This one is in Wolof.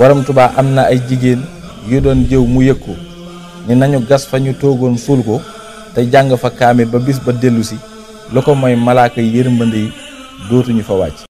borom tubaab am na ay jigéen yu doon jëw mu yëkku ni nañu gas fa ñu toogoon suul ko te jàng fa kaame ba bis ba dellu si lu ko mooy malaaka yërmande yi dootuñu fa wàcc